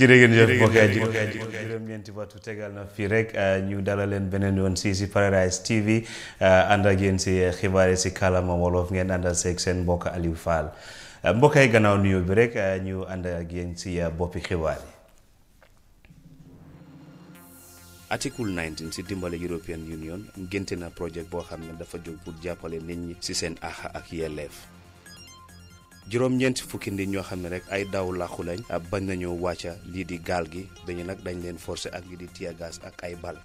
jërë ngeen jëf mbokk yi juróom-ñeenti waxtu tegal na fii rek euh, ñu dalal leen beneen yoon si si Paradise TV euh, ànd ak yéen si xibaar yi si kàllaama wolof ngeen àndal seeg seen mbokk Aliou Fall euh, mbokk yi gannaaw nuyoo bi rek ñu ànd ak yéen si boppi xibaar yi. article si dimbali European Union ngénte na projet boo xam ne dafa jóg pour jàppale nit ñi ci seen axa ak yelleef. juróom-ñeenti fukki nit ñoo xam ne rek ay daw làqu lañ ah, bañ nañoo wàcca lii di gaal gi dañu nag dañ leen forcé ak lii di tiyagas ak ay bal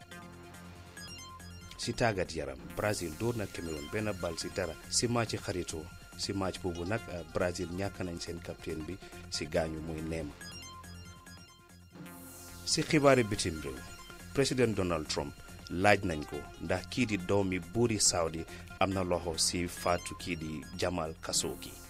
si tàggat yaram Brazil dóor na Cameroun benn bal si dara si match xaritoo si match boobu nag ah, Brazil ñàkk nañ seen capitaine bi si gaañu muy Neema si xibaari bitim réew président Donald Trump laaj nañ ko ndax kii di doom doomi buuri Saudi am na loxo si faatu kii di Jamal gi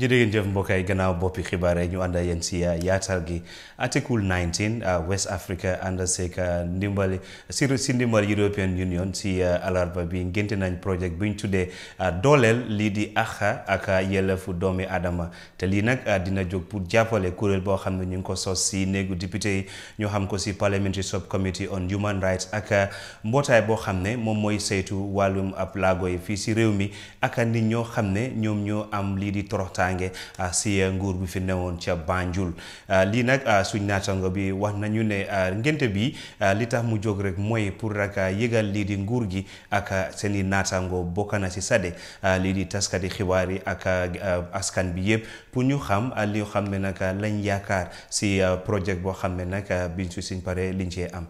jërë ngeen jëf mbokk yi gannaaw boppi xibaar yi ñu ànd ak yéen si uh, yaatal gi article 19 uh, West Africa ànd seeg uh, ndimbali si si ndimbal European Union si alarba bi ngénte nañ projet bi ñu tuddee dooleel lii di àq ak yelleefu doomi aadama te lii nag dina jóg pour jàppale kuréel boo xam ne ñu ngi ko sos si néegu député yi ñoo xam ko si parliamentary subcommittee on human rights ak mbootaay boo xam ne moom mooy seytu wàllum ab laago yi fii si réew mi ak naataange ah, si eh, nguur bi fi newoon ca Banjul ah, lii nag ah, suñ naatango bi wax nañu ne ngénte bi li tax mu jóg rek mooy pour rek yëgal lii di nguur gi ak seen i naatango bokk na si sade lii di di xibaar yi ak askan bi yëpp pour ñu xam li xam ne nag lañ yaakaar si projet boo xam ne nag bi su siñ liñ cee am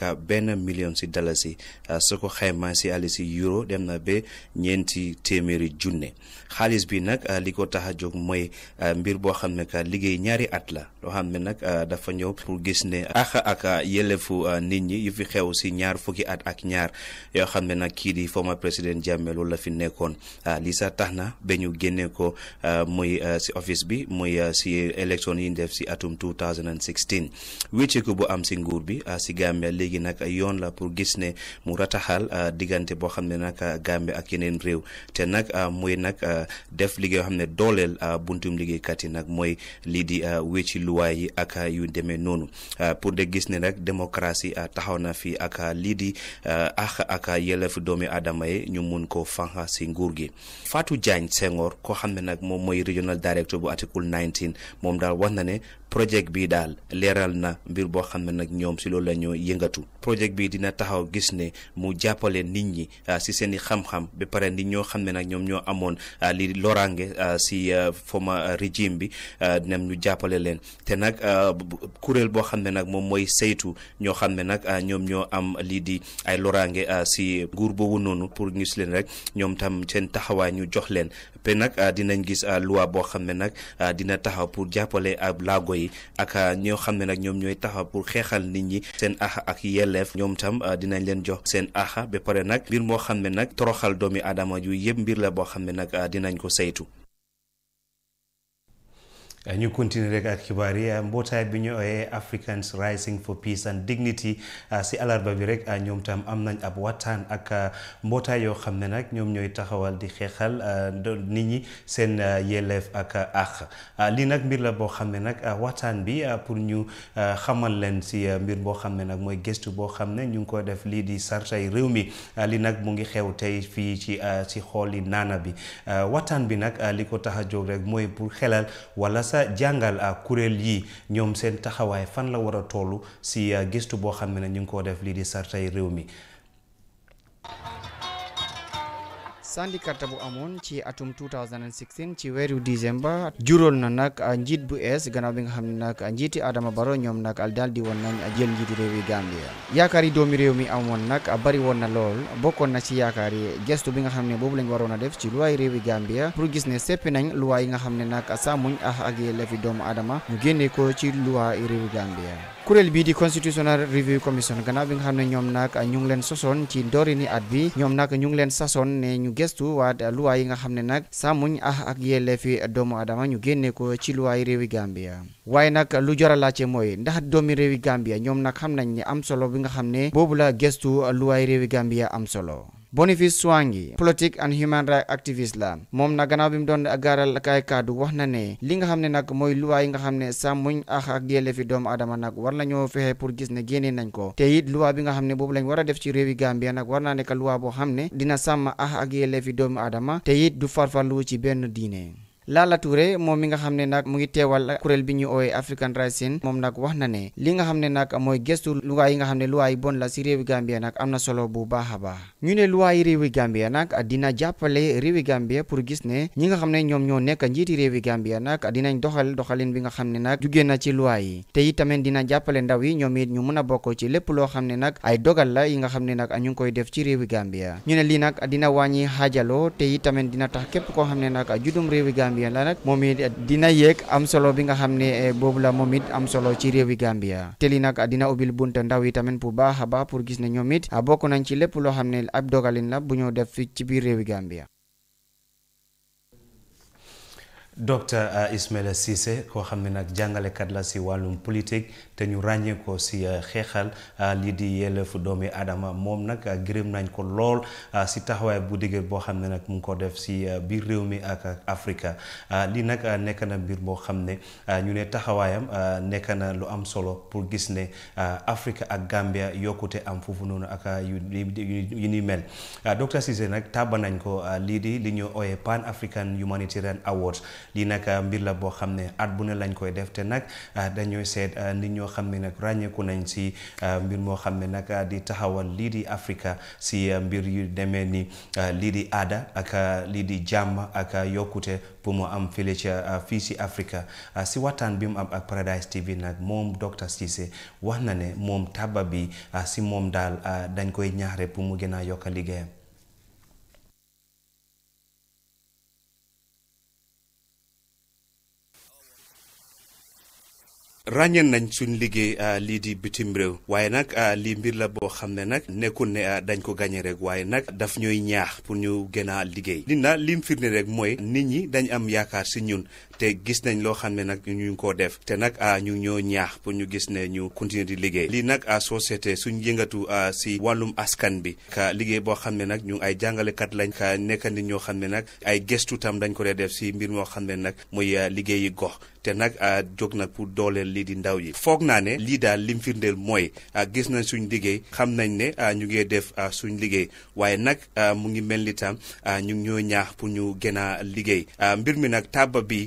ak benn million si dalasi su ko xayma si àll ah, si euro dem na ba ñeenti téeméeri junne xaalis bi nag ah, li ko tax a jóg mooy ah, mbir boo xam ne ka liggéey ñaari at la loo xam ne nag dafa ñëw pour gis ne ak ak yelefu nit ñi yu fi xew si ñaar fukki at ak ñaar yoo xam ne nag kii di former président Jammeh loolu la fi nekkoon li sa tax na ba ñu génne ko muy si office bi muy si élection yi def si atum 2016 wécceeku bu am si nguur bi si Gambia léegi nag yoon la pour gis ne mu rataxal euh, diggante boo xam ne nag euh, Gambie ak yeneen réew te nag euh, mooy nag def liggéey yoo xam ne dooleel buntum liggéeykat yi nag mooy lii di wécci luwaay yi ak yu demee noonu pour de gis ne nag démocratie taxaw na fi ak lii di àq ak yelleefu doomi aadama yi ñu mun ko fanxa si nguur gi Fatou Jagne Senghor koo xam ne nag moom mooy regional director bu article 19 moom daal wax na ne projet bi daal leeral na mbir boo xam ne nag ñoom si loolu la ñoo yëngatu projet bi dina taxaw gis ne mu jàppale nit ñi ah, si seen i xam-xam ba pare nit ñoo xam ne nag ñoom ñoo amoon ah, li loraange ah, si former régime bi dinañ ñu jàppale leen te nag kuréel boo xam ne nag moom mooy saytu ñoo xam ne nag ñoom ñoo am lii di ay loraange si nguur boobu noonu pour gis leen rek ñoom tam seen taxawaay ñu jox leen pe nag dinañ gis loi boo xam ne nag dina taxaw pour jàppale ab lago yi ak ñoo xam ne nag ñoom ñooy taxaw pour xeexal nit ñi seen ax ak ak yelleef ñoom tam euh, dinañ leen jox seen axa ba pare nag mbir moo xam ne nag toroxal doomi aadama yu yëpp mbir la boo xam ne nag euh, dinañ ko saytu Eh, ñu continuer rek ak xibaar yi eh, mbootaay bi ñu ooyee Africans Rising for Peace and Dignity eh, si alarba bi rek ñoom tam am nañ ab waxtaan ak mbootaay yoo xam ne nag ñoom ñooy taxawal di xeexal nit ñi seen yelleef ak àq lii nag mbir la boo xam ne nag waxtaan bi pour ñu xamal leen si mbir boo xam ne nag mooy gëstu boo xam ne ñu ngi koy def lii di sartay réew mi li nag mu ngi xew tey fii ci si xooli naana bi wataan bi nag li ko tax a jóg rek mooy pour xelal wala sa jàngal ah, kuréel yi ñoom seen taxawaay fan la war a toll si ah, gëstu boo xam ne ñu ngi def lii di sartay réew mi. sandika tabu amon ci atum 2016 ci weeru décembre juróol na nag njiit bu ees gannaaw bi nga xam ne nag Adama Barrow ñoom nag al daal di woon nañ jël Gambia yaakaar yi doomi réew mi amoon nak bari woon na lool bokkoon na ci yaakaar yi gestu bi nga xam ne lañ waroon def ci luwaay réewi Gambia pour gis ne seppi nañ luwaa yi nga xam ne nag sàmmuñ ah ak yelleefi doomu aadama ñu ko ci luwaa réewi Gambia kuréel di constitutional review commission gannaaw bi nga xam ne ñoom ñu ngi leen sosoon ci ndoori ni at bi ñoom nag ñu ngi ne ñu gestu waa luwaay yi nga xam ne nag sàmmuñ ah ak yelleefi doomu aadama ñu génnee ko ci luwaayi réewi Gambia waaye nag lu jar a mooy ndax doomi réewi Gambia ñoom nag xam nañ ne am solo bi nga xam ne boobu la gestu luwaayi réewi Gambia am solo Boniface Swangi politique and human rights activist la moom nag gannaaw bi mu doon gaaral kaay kaddu wax na ne li nga xam ne nag mooy luwaa yi nga xam ne sàmmuñ ax ak yelleefi doomu adama nag war na nañoo fexe pour gis ne génnee nañ ko te it luwaa bi nga xam ne boobu lañ war a def ci réewi Gambia nag war naa nekk luwaa boo xam ne dina sàmm ax ak yelleefi doomu aadama te it du farfarlu ci benn diine Lala Touré moom mi nga xam ne nag mu ngi teewal kuréel bi ñu ooyee African Racine moom nag wax na ne li nga xam ne nag mooy gestu luwaa yi nga xam ne luwaa yi bon la si réewi Gambia nag am na solo bu baax a baax ñu ne luwaa yi réewi Gambia nag dina jàppale réewi Gambia pour gis ne ñi nga xam ne ñoom ñoo nekk njiiti réewi Gambia nag dinañ doxal doxalin bi nga xam ne nag jugee na ci luwaa yi te itamit dina jàppale ndaw yi ñoom it ñu mën a bokk ci lépp loo xam ne nag ay dogal yi nga xam ne nag ñu ngi koy def ci réewi Gambia ñu ne lii nag dina wàññi xaajaloo te itamit dina tax képp koo xam ne nag judum réewi Gambia Gambia la nag moom it dina yéeg am solo bi nga xam ne eh, boobu la moom it am solo ci réewi Gambia te li nag dina ubbil bunta ndaw yi tamit bu baax a baax pour gis ne ñoom it ah, bokk nañ ci lépp loo xam ne ab dogalin la bu ñoo def fii ci biir réewi Gambia docteur euh, Ismaila Cissé koo xam ne nag jàngalekat la si wàllum politique te ñu ràññee ko si euh, xeexal euh, lii di yelleefu doomi aadama moom nag gërëm nañ ko lool si taxawaay bu dëgër boo xam ne nag mu ngi ko def si biir réew mi ak africa lii nag nekk na mbir boo xam ne ñu ne taxawaayam nekk na lu am solo pour gis ne Afrika ak Gambia yokkute am foofu noonu ak yu yu mel docteur Cissé nag tàbba nañ ko lii di li ñu ooyee Pan African Humanitarian Awards lii nag ah, mbir la boo xam ne at bu ne lañ koy defte nag ah, dañooy seet ah, nit ñoo xam ne nag ràññeeku nañ si mbir moo xam ne nag di taxawal lii di Africa si mbir yu demee ni lii di aada ak lii di jàmm ak yokkute pour mu am fële ca fii si Africa si waxtaan bi mu am ak Paradise TV nag moom docteur Ceesay wax na ne moom taba bi si moom daal dañ koy ñaare pour mu gën a yokk liggéeyam ràññeen nañ suñ liggéey euh, lii di bitim réew waaye nag euh, lii mbir la boo xam ne nag nekkul ne euh, dañ ko gàñe rek waaye nag daf ñooy ñaax pour ñu gën a liggéey li na lim firnde rek mooy nit ñi dañ am yaakaar si ñun te gis nañ loo xam ne nag ñu ngi def te nag ñu ñoo ñaax pour ñu gis ne ñu continuer di liggéey lii nag société suñ jëngatu si wàllum askan bi ka liggéey boo xam ne nag ñu ay jàngalekat lañ ka nekk nit ñoo xam ne nag ay gestu tam dañ ko dee def si mbir moo xam ne nag muy liggéeyi gox te nag ah, jóg nag pour dooleel lii di ndaw yi foog naa ne lii daal lim firndeel mooy ah, gis nañ suñu liggéey xam nañ ne ah, ñu ngi def suñ liggéey waaye nag mu ngi mel ni tam ñu ngi ñoo ñaax pour ñu gën a liggéey mbir mi nag tàbba bi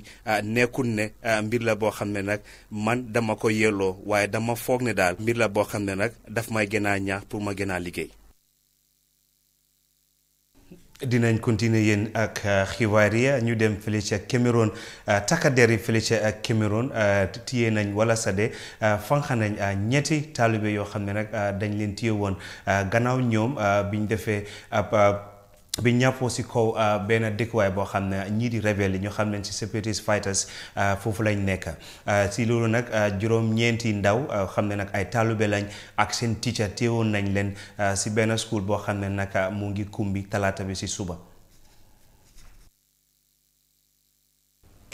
nekkul ne mbir la boo xam ne nag man dama ko yelloo waaye dama foog ne daal mbir la boo xam ne nag dafa may gën a ñaax pour ma gën a liggéey dinañ continuer yéen ak euh, xibaar ya ñu dem fële ca euh, takk takkader yi fële ca euh, Cameroun téye nañ wala sade fanq nañ ñetti taalibe yoo xam ne nag dañ leen tiye woon gannaaw ñoom bi ñu defee ab. bi ñàppoo si kaw euh, benn dëkkuwaay boo xam ne ñii di rebelle yi ñu xam leen si separatist fighters euh, foofu lañ nekk euh, si loolu nag juróom-ñeenti ndaw xam ne nag ay taalube lañ ak seen teacher teewoon nañ leen si benn school boo xam ne nag mu ngi kumbi talaata bi si suba.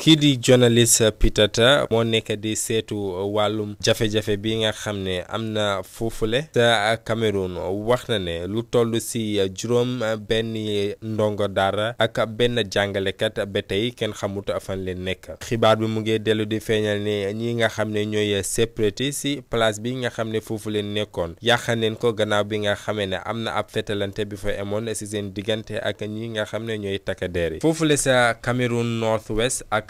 kii di journaliste Peter Tha moo nekk di seetu wàllum jafe-jafe bi nga xam ne am na foofule sa Cameroun wax na ne lu toll si juróom benn ndongo dara ak benn jàngalekat ba tey kenn xamut fan leen nekk xibaar bi mu ngi dellu di feeñal ne ñi nga xam ne ñooy séparé si place bi nga xam ne foofu leen nekkoon yàqal leen ko gannaaw bi nga xamee ne am na ab fetalante bi fa amoon si seen diggante ak ñi nga xam ne ñooy takk der yi foofule sa Cameroun North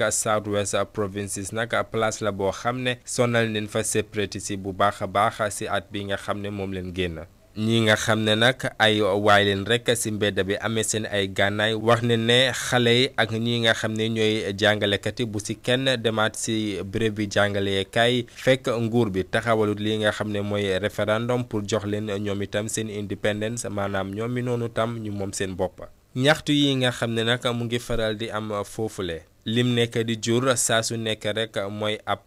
ak South West provinces nag place la boo xam ne sonal leen fa séparatiste bu baax a baax si at bi nga xam ne moom leen génn. ñi nga xam ne nag ay waay leen rek si mbedd bi amee seen ay gànnaay wax ne ne xale yi ak ñi nga xam ne ñooy jàngalekat yi bu si kenn demaat si béréb bi jàngalekaay fekk nguur bi taxawalut li nga xam ne mooy référendum pour jox leen ñoom itam seen indépendance maanaam ñoom mi noonu tam ñu moom seen bopp. ñaxtu yi nga xam ne nag mu ngi lim nekk di jur saa su nekk rek mooy ab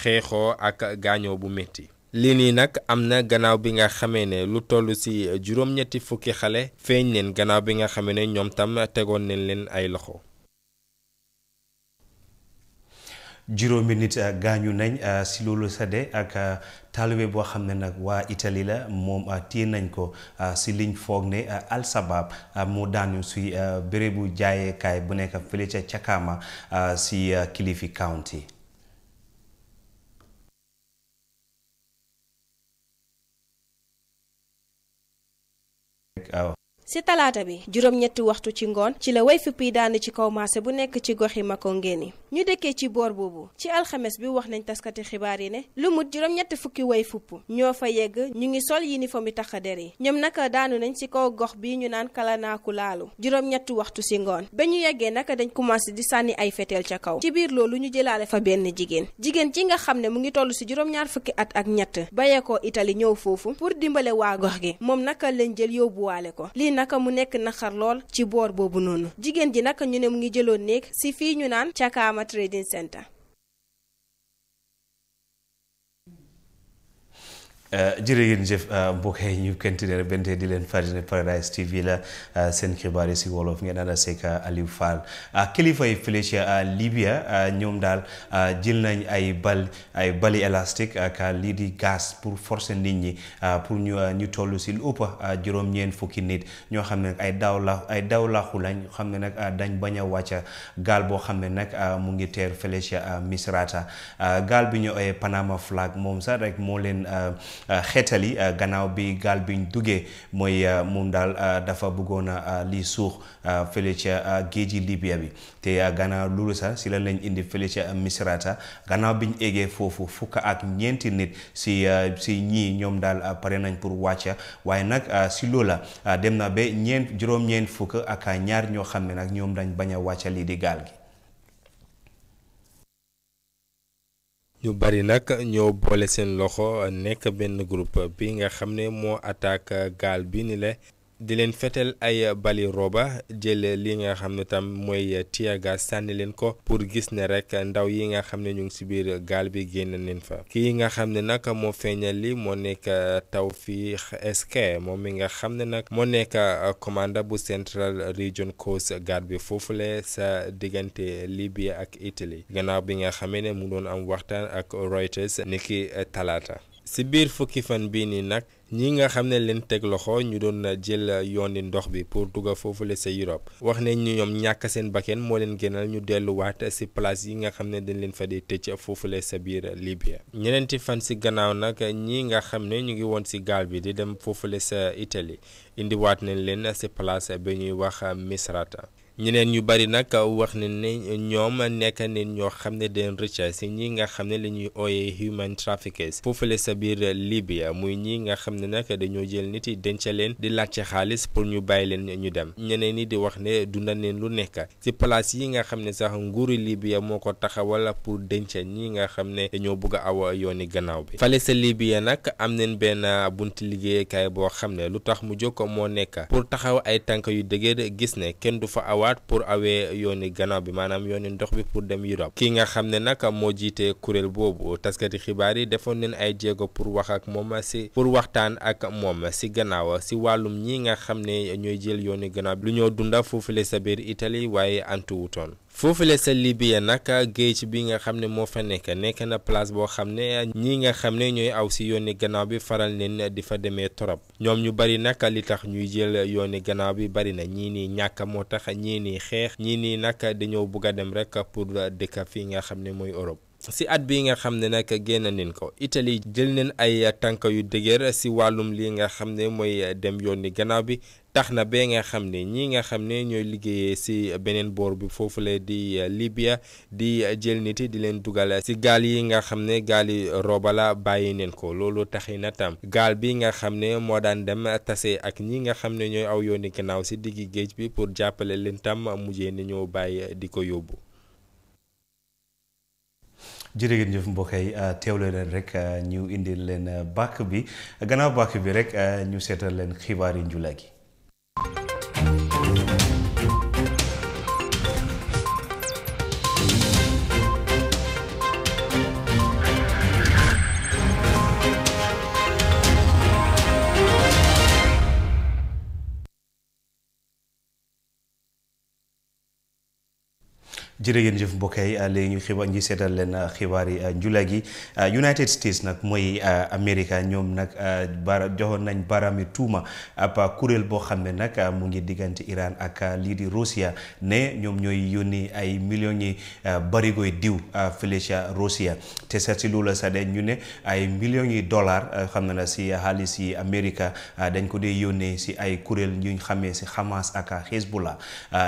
xeexoo ak gaañoo bu métti. li nii nag am na gannaaw bi nga xamee ne lu toll ci juróom-ñetti fukki xale feeñ neen gannaaw bi nga xamee ne ñoom tam tegoon nañ leen ay loxo. juróomi nit euh, gaañu nañ euh, si loolu sade ak euh, taalibe boo xam ne nag waa Italie la moom téye nañ ko si liñ foog ne al sabab mu daanu si bërëbu jaayeekaay bu nekk fële ca Chakama si Kilifi County. si talaata bi juróom-ñetti waxtu ci ngoon ci la woy fipp yi daanu ci kaw marché bu nekk ci gox yi Makongeni ñu dëkkee ci boor boobu ci alxemes bi wax nañ taskati xibaar yi ne lu mut juróom-ñetti fukki way fupp ñoo fa yegg ñu ngi sol uniforme yi der yi ñoom naka daanu nañ si kaw gox bi ñu naan kalanaaku laalu juróom-ñetti waxtu si ngoon ba ñu yeggee naka dañ commencé di sànni ay feteel ca kaw ci biir loolu ñu jëlaale fa benn jigéen jigéen ci nga xam ne mu ngi toll si juróom fukki at ak ñett bayeekoo Italie ñëw foofu pour dimbale waa gox gi moom naka lañ jël yóbbuwaale ko naka mu nekk naqar lool ci boor boobu noonu jigéen ji naka ñu ne mu ngi jëloon néeg si fii ñu naan Chakaama Trading Center Eh, jërë ngeen jëf eh, mbokk yi ñu kentine bente di leen fàttali ne Paradise TV la eh, seen xibaar yi si wolof ngeen ànd ak Alieu Fall kilifa yi fële ca Libya ñoom daal jël nañ ay bal ay bali élastique ak lii di gaz pour forcer nit ñi pour ñu ñu toll si lu ëpp juróom-ñeent fukki nit ñoo xam ne ay daaw la ay daaw laaxu lañ xam ne nag dañ bañ a wàcca gaal boo xam ne nag mu ngi teer fële ca Misrata gaal bi ñu oyee Panama flag moom sax rek moo leen. Euh, xeetali euh, gannaaw bi gaal biñ duggee mooy euh, moom daal dafa bëggoon a lii suux fële ca géeji Libya bi te gannaaw loolu sax si la lañ indi fële ca Misrata gannaaw bi ñu eggee foofu fukk ak ñeenti nit si si ñii ñoom daal pare nañ pour wàcca waaye nag si loola dem na ba ñeent juróom-ñeent fukk ak ñaar ñoo xam ne nag ñoom dañ bañ a wàcca lii di gaal gi ñu bari nag ñoo boole seen loxo nekk benn groupe bi nga xam ne moo attaque gaal bi ni le di leen fetel ay bali roba jël li nga xam ne tam mooy tiyaga sànni leen ko pour gis ne rek ndaw yi nga xam ne ñu ngi si biir gaal bi génn nañ fa kii nga xam ne nag moo feeñal li moo nekk Tawfiq SK moom mi nga xam ne nag moo nekk commanda bu Central Region Coast Guard bi foofu foofule sa diggante Libye ak Italie gannaaw bi nga xamee ne mu doon am waxtaan ak Reuters niki talaata. si biir fukki fan bii nii nag ñi nga xam ne leen teg loxo ñu doon jël yooni ndox bi pour dugg foofule sa Europe wax nañ ñu ñoom ñàkk seen bakkan moo leen gënal ñu delluwaat si place yi nga xam ne dañ leen fa di foofu foofule sa biir Libya ñeneenti fan si gannaaw nag ñi nga xam ne ñu ngi woon si gaal bi di dem foofu foofule sa Italie indiwaat nañ leen si place bi ñuy wax Misrata. ñeneen ñu bari nag wax ne ne ñoom nekk nañ ñoo xam ne den rëcc si ñi nga xam ne la ñuy ooyee human traffickers foofule sa biir Libya muy ñii nga xam ne nag dañoo jël nit yi denc leen di laajte xaalis pour ñu bàyyi leen ñu dem ñeneen ñi di wax ne dundal leen lu nekk ci place yi nga xam ne sax nguuru Libya moo ko taxawal pour denc ñii nga xam ne dañoo bëgg a aw yooni gannaaw bi fale sa Libya nag am nañ benn bunt liggéeykaay boo xam ne lu tax mu jóg moo nekk pour taxaw ay tànk yu dëgër gis ne du fa ñëwaat pour awee yooni gannaaw bi maanaam yooni ndox bi pour dem Europe kii nga xam ne nag moo jiitee kuréel boobu taskati xibaar yi defoon nañ ay jéego pour wax ak moom si pour waxtaan ak moom si gannaaw si wàllum ñii nga xam ne ñooy jël yooni gannaaw bi lu ñoo foofu foofule sa biir itali waaye antu wutoon foofule sa Libye nag géej bi nga xam ne moo fa nekk nekk na place boo xam ne ñii nga xam ne ñooy aw si yooni gannaaw bi faral neen di fa demee torop ñoom ñu bari nag li tax ñuy jël yooni gannaaw bi bari na ñii nii ñàkk moo tax ñii nii xeex ñii nii nag dañoo bugg dem rek pour dëkk fii nga xam ne mooy Europe. si at bi nga xam ne nag génn nañ ko itali jël nañ ay tànk yu dëgër si wàllum lii nga xam ne mooy dem yoon ni gannaaw bi tax na ba nga xam ne ñii nga xam ne ñooy liggéeye si beneen boor bi foofu la di Libya di jël nit di leen dugal si gaal yi nga xam ne gaal yi rooba la bàyyi neen ko loolu taxi na tam gaal bi nga xam ne moo daan dem tase ak ñii nga xam ne ñooy aw yooni gannaaw si diggi géej bi pour jàppale leen tam mujjee ni ñoo bàyyi di ko yóbbu. jërë ngeen jëf mbokk yi euh, teewle leen rek euh, ñu indi leen euh, bàkk bi gannaaw bàkk bi rek ñu seetal leen xibaar yi njula gi jërë ngeen jëf mbokk yi ah, léegi ñu xibaar ñi seetal leen ah, xibaar yi ah, njula gi United States nag mooy Amérique ñoom nag bara joxoon nañ baaraami tuuma ab kuréel boo xam ne nag mu ngi diggante iraan ak lii di Russia ne ñoom ñooy yónni ay millions yi barigoy diw fële ca Russia te sax si loolu sax de ñu ne ay millions yi dollars xam na la si xaalis yi Amérique dañ ko dee yónnee si ay kuréel yuñ xamee si Hamas ak Hezbollah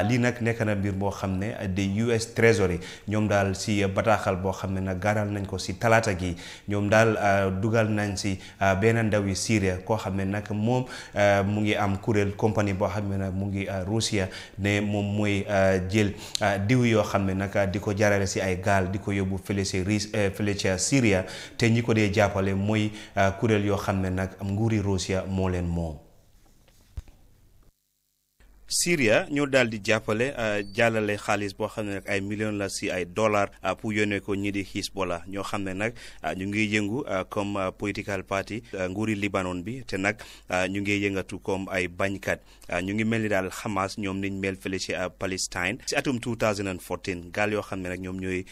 lii nag nekk na mbir boo xam ne de US Treasury ñoom daal si bataaxal boo xam ne nag gaaral nañ ko si talaata gi ñoom daal euh, dugal nañ si euh, benn ndaw yi Syria koo xam ne nag moom euh, mu ngi am kuréel compagnie boo xam ne nag mu ngi Russia ne moom mooy jël diw yoo xam ne nag di ko jaarale si ay gaal di ko yóbbu fële si fële ca Syria te ñi ko dee jàppale mooy kuréel yoo xam ne nag nguuri Russia moo leen moom Syria ñoo daal di jàppale euh, jàllale xaalis boo xam ne nag ay millions la si ay dollars euh, pour yónnee ko ñi di Hezbollah ñoo xam ne nag euh, ñu ngi yëngu comme political party nguuri Libanon bi te nag ñu ngi yëngatu comme ay bañkat ñu ngi mel ni daal Hamas ñoom niñ mel fële ci Palestine si atum 2014 gaal yoo xam ne nag ñoom ñooy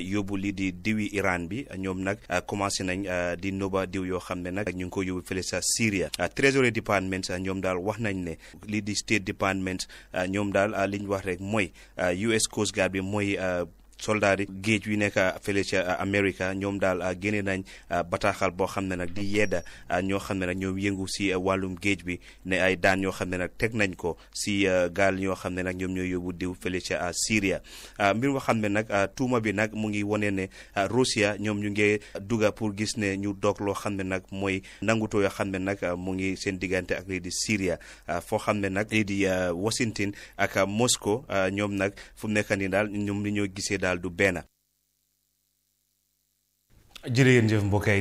yóbbu li di diwi Iran bi ñoom nag commencé nañ di noba diw yoo xam ne nag ñu ngi ko yóbbu fële sa Syria Treasury Department ñoom daal wax nañ ne li di State Department commandment euh, ñoom daal euh, li ñu wax rek mooy US euh, Coast Guard bi mooy soldaari géej wi nekk euh, fële ca euh, Amérique ñoom daal euh, génne nañ bataaxal boo xam ne nag di yedda ñoo xam ne nag ñoom yëngu si wàllum géej bi ne ay daan yoo xam ne nag teg nañ ko si gaal ñoo xam ne nag ñoom ñooy yóbbu diw fële ca Syria mbir moo xam ne nag tuuma bi nag mu ngi wane ne Russia ñoom ñu ngi dugga pour gis ne ñu doog loo xam ne nag mooy nangutoo yoo xam ne nag mu ngi seen diggante ak lii di Syria foo xam ne nag lii di Washington ak Moscow ñoom nag fu mu nekk nii daal ñoom li ñoo gisee du dinañ lay rek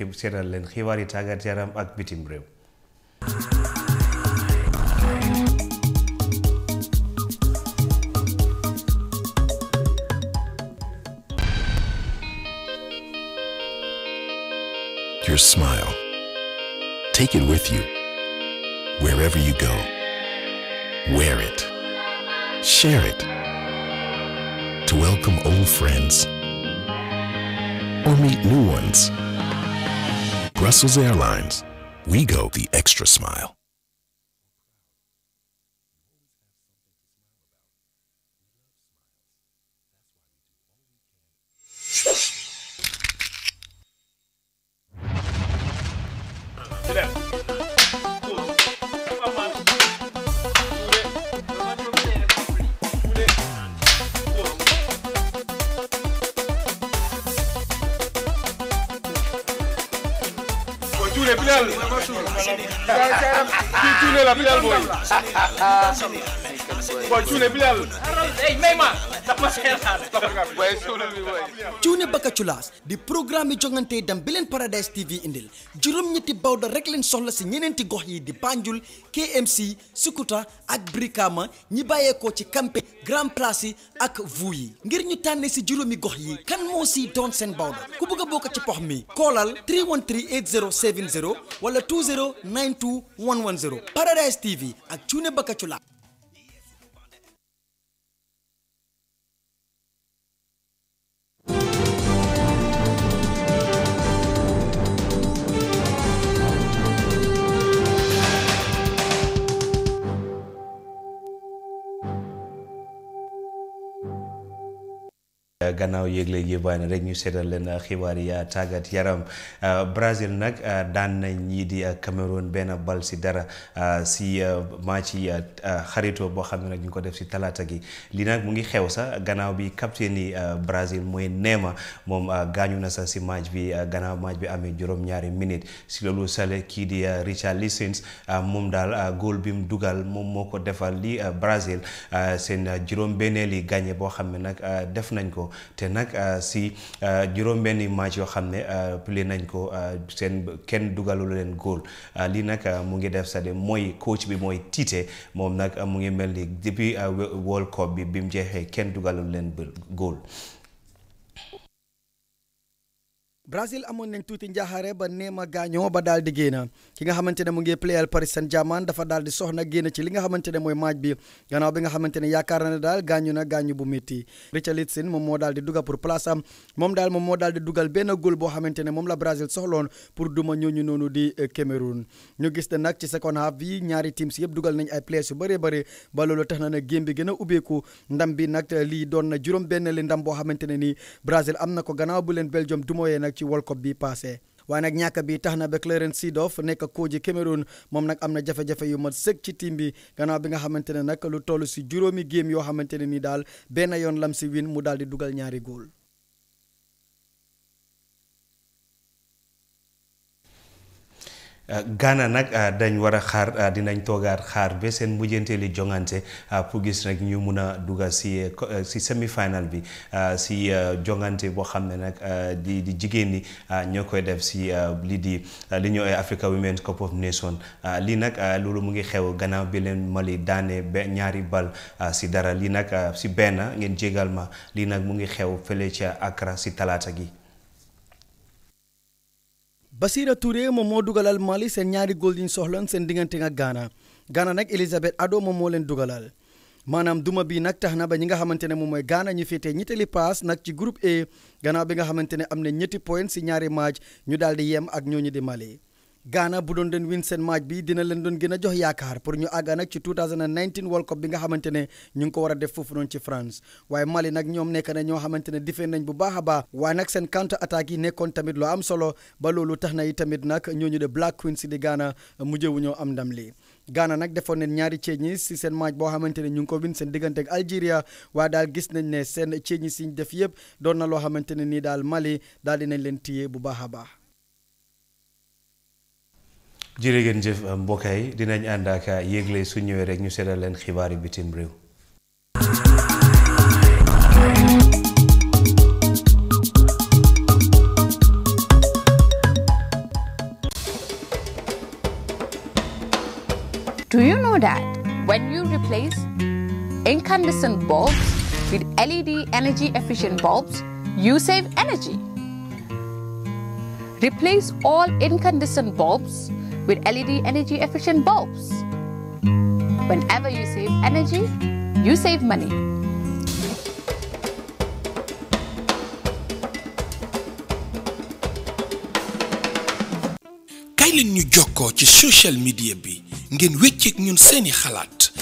rek yi yaram ak bitim Your smile. Take it with you wherever you go. Wear it. Share it to welcome old friends or meet new ones. Brussels Airlines, we go the extra smile. Tú le la boy. Boy, cuune bakka culaas di programme yi jongante dem bi leen Paradise TV indil juróom-ñetti bawda rek leen soxla si ñeneenti gox yi di Banjul KMC Sukuta ak Brikama ñi bàyyeekoo ci campé grand place yi ak vuu yi ngir ñu tànne si juróomi gox yi kan moo si doon seen bawda ku bëgg a bokk ci pox mi koolal 313 8070 wala 2092 110 Paradise TV ak cuune bakka gannaaw yéegle yéebaane rek ñu seetal leen xibaar yi tàggat yaram Brazil nag daan nañ ñii di Cameroun benn bal si dara si match yi xaritoo boo xam ne nag ñu ko def si talaata gi li nag mu ngi xew sax gannaaw bi capitaine yi Brazil mooy Neymar moom gaañu na sax si match bi gannaaw match bi amee juróom-ñaari minute si loolu sale kii di Richarlison moom daal góol bi mu dugal moom moo ko defal li Brazil seen juróom-benneeli gagné boo xam ne nag def nañ ko te nag euh, si euh, juróom-benni match yoo xam ne euh, play nañ ko seen kenn dugalul leen góor lii nag mu ngi def cest à mooy coach bi mooy Tite moom nag mu ngi mel ni depuis World Cup bi bi mu jeexee kenn dugalu leen bë góor Brazil amoon nañ tuuti njaaxare ba Neymar gaañoo ba daal di génn ki nga xamante ne mu ngi playal Paris Saint-Germain dafa daal di soxna génn ci li nga xamante ne mooy match bi gannaaw bi nga xamante ne yaakaar na ne daal gaañu na gaañu bu métti Richarlison moom moo daal di dugal pour place am moom daal moom moo daal di dugal benn góol boo xamante ne moom la Brazil soxloon pour duma ñooñu noonu di eh, Cameroun ñu gis ne nag ci second half bi ñaari teams yëpp dugal nañ ay players yu bëree bëri ba loolu tax na ne game bi bi nag lii doon na juróom benn li ndam boo xamante ne nii Brazil am na ko gannaaw bu ci World bi passé waaye nag ñàkk bi tax na ba Clarence Seedorf nekk kooji Cameroun moom nag am na jafe-jafe yu ma sëg ci team bi gannaaw bi nga xamante ne nag lu toll si juróomi game yoo xamante ne ni daal benn yoon lam si win mu daal di dugal ñaari góol Euh, Ghana nag euh, dañ war a xaar euh, dinañ toogaat xaar ba seen mujjanteeli jongante pour gis nag ñu mun a dugga si si semi final bi si jongante boo xam ne nag di di jigéen ñi ñoo koy def si lii di li ñoo ay Africa Women's Cup of Nations lii nag loolu mu ngi xew gannaaw bi leen Mali daane ba ñaari bal si dara lii nag si benn ngeen jégal ma lii nag mu ngi xew fële ca Accra si talaata gi. Basira Touré moom moo dugalal Mali seen ñaari góol yi ñu soxloon seen diggante ak Ghana Ghana nag Elisabeth Ado moom moo leen dugalal maanaam duma bi nag tax na ba ñi nga xamante ne moom mooy Ghana ñu féetee ñetteeli paas nag ci groupe E gannaaw bi nga xamante ne am na ñetti point si ñaari match ñu daal di yem ak ñoo ñu di Mali. gaana bu doon deen win seen maaj bi dina leen doon gën a jox yaakaar pour ñu àgga nag ci 2019 World Cup bi nga xamante ne ñu ngi ko war a def foofu noonu ci France waaye Mali nag ñoom nekk na ñoo xamante ne defee nañ bu baax a baax waaye nag seen counter attaque yi nekkoon tamit am solo ba loolu tax na tamit nag ñooñu de Black Queens di Ghana mujjewu ñoo am ndam lii Ghana nag defoon neen ñaari ceeñi si seen match boo xamante ne ñu ngi ko win seen diggante ak Algeria daal gis nañ ne seen ceeñi si ñu def yëpp doon na loo xamante ne nii daal Mali daal dinañ leen téye bu baax a baax jëf mbokk yi dinañ ànd ak yëgle su ñëwee rek ñu seetal leen bitim réew. Do you know that when you replace incandescent bulbs with LED energy efficient bulbs, you save energy? Replace all incandescent bulbs with LED energy efficient bulbs. Whenever you save energy, you save money. kay leen ñu jokkoo social media bi ngen wécceeg ñun seeni halat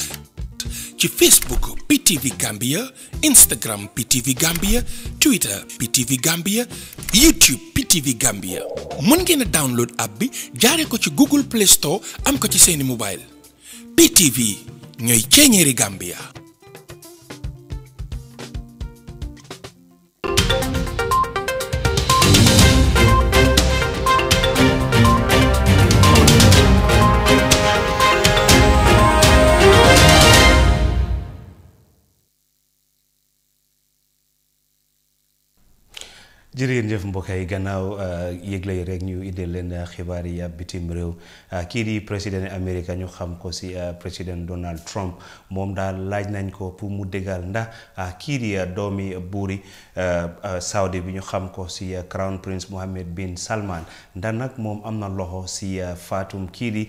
ci Facebook PTV Gambia Instagram PTV Gambia Twitter PTV Gambia YouTube DTV Gambia mën ngeen a download app bi jaare ko ci Google Play Store am ko ci seeni mobile PTV ñooy ceeñeeri Gambia jërëjëf mbokk yi gannaaw euh, yëgle yi rek ñu indil leen xibaar yi bitim réew euh, kii di président Amérique ñu xam ko si euh, président Donald Trump moom daal laaj nañ ko pour mu déggal ndax kii di doomi buuri Saudi bi ñu xam ko si Crown Prince Mohammed bin salmaan ndax nag moom am na loxo si faatum kii di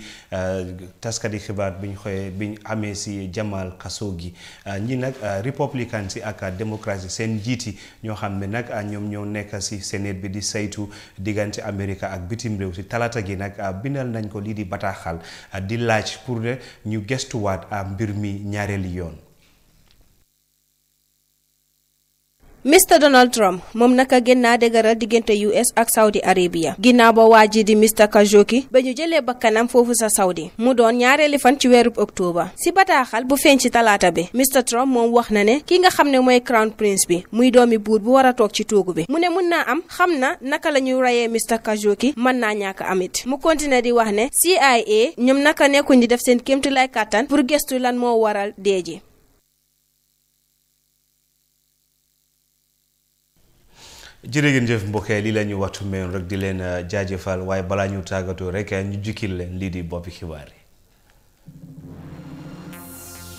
taskati xibaar bi ñu xoolee bi ñu amee si Jamal Khashoggi ñi nag républicain si ak démocratie seen njiiti ñoo xam ne nag ñoom ñoo nekk. si Senate bi di saytu diggante Amérique ak bitim réew si talaata gi nag ah, bindal nañ ko lii di bataaxal ah, di laaj pour ne ñu gestuwaat ah, mbir mi ñaareelu yoon. Mr Donald Trump moom naka gën naa dëgëral diggante US ak Saudi Arabia ginnaaw ba waa ji di Mr Khashoggi ba ñu jëlee bakkanam foofu sa Saudi mu doon ñaareeli fan ci weeru octobre si bataaxal bu feeñ ci talaata bi Mr Trump moom wax na ne ki nga xam ne mooy Crown Prince bi muy doomi buur bu war a toog ci toogu bi mu ne mën naa am xam na naka la reyee rayee Mr Khashoggi mën naa ñàkk amit mu continué di wax ne CIA ñoom naka nekkuñ di def seen kéemtulaay kàttan pour gestu lan moo waral dee ji jërëgéen jëf mbokkee lii la ñu waxtu meyoon rek di leen uh, jaajëfal waaye balaa ñu tàggatoo rek uh, ñu jukkil lii di boppi xibaar yi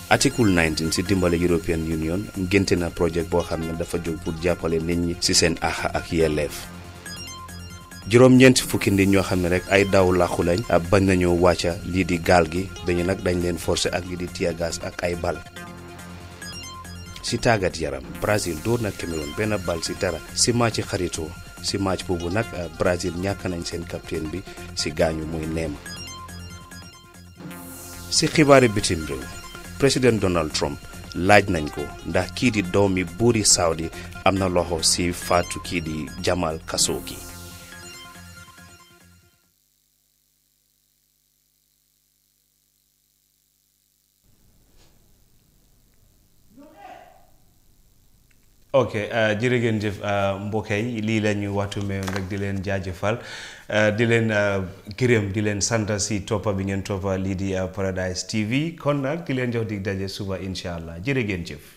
article 19 si dimbale European Union ngénte na projet boo xam ne dafa jóg pour jàppale nit ñi ci seen axa ak yelleef juróom-ñeenti fukki nit ñoo xam ne rek ay daw làqu lañ uh, bañ nañoo wàcca lii di gaal gi dañu nag dañ leen forcé ak lii di tiyagas ak ay bal si tàggat yaram Brazil dóor na Cameroun benn bal si dara si match xaritoo si match boobu nag euh, Brazil ñàkk nañ seen capitaine bi si gaañu muy neem. si xibaari bitim réew président Donald Trump laaj nañ ko ndax kii di doom yi doomi buuri Saudi am na loxo si faatu kii di Jamal Khashoggi ok euh, jërë ngeen jëf euh, mbokk yi lii la ñu waxtu mayoon rek di leen jaajëfal euh, di leen gërëm di leen sant si toppa bi ngeen toppa lii di Paradise TV kon nag di leen jox di daje suba incha allah jërë geen jëf.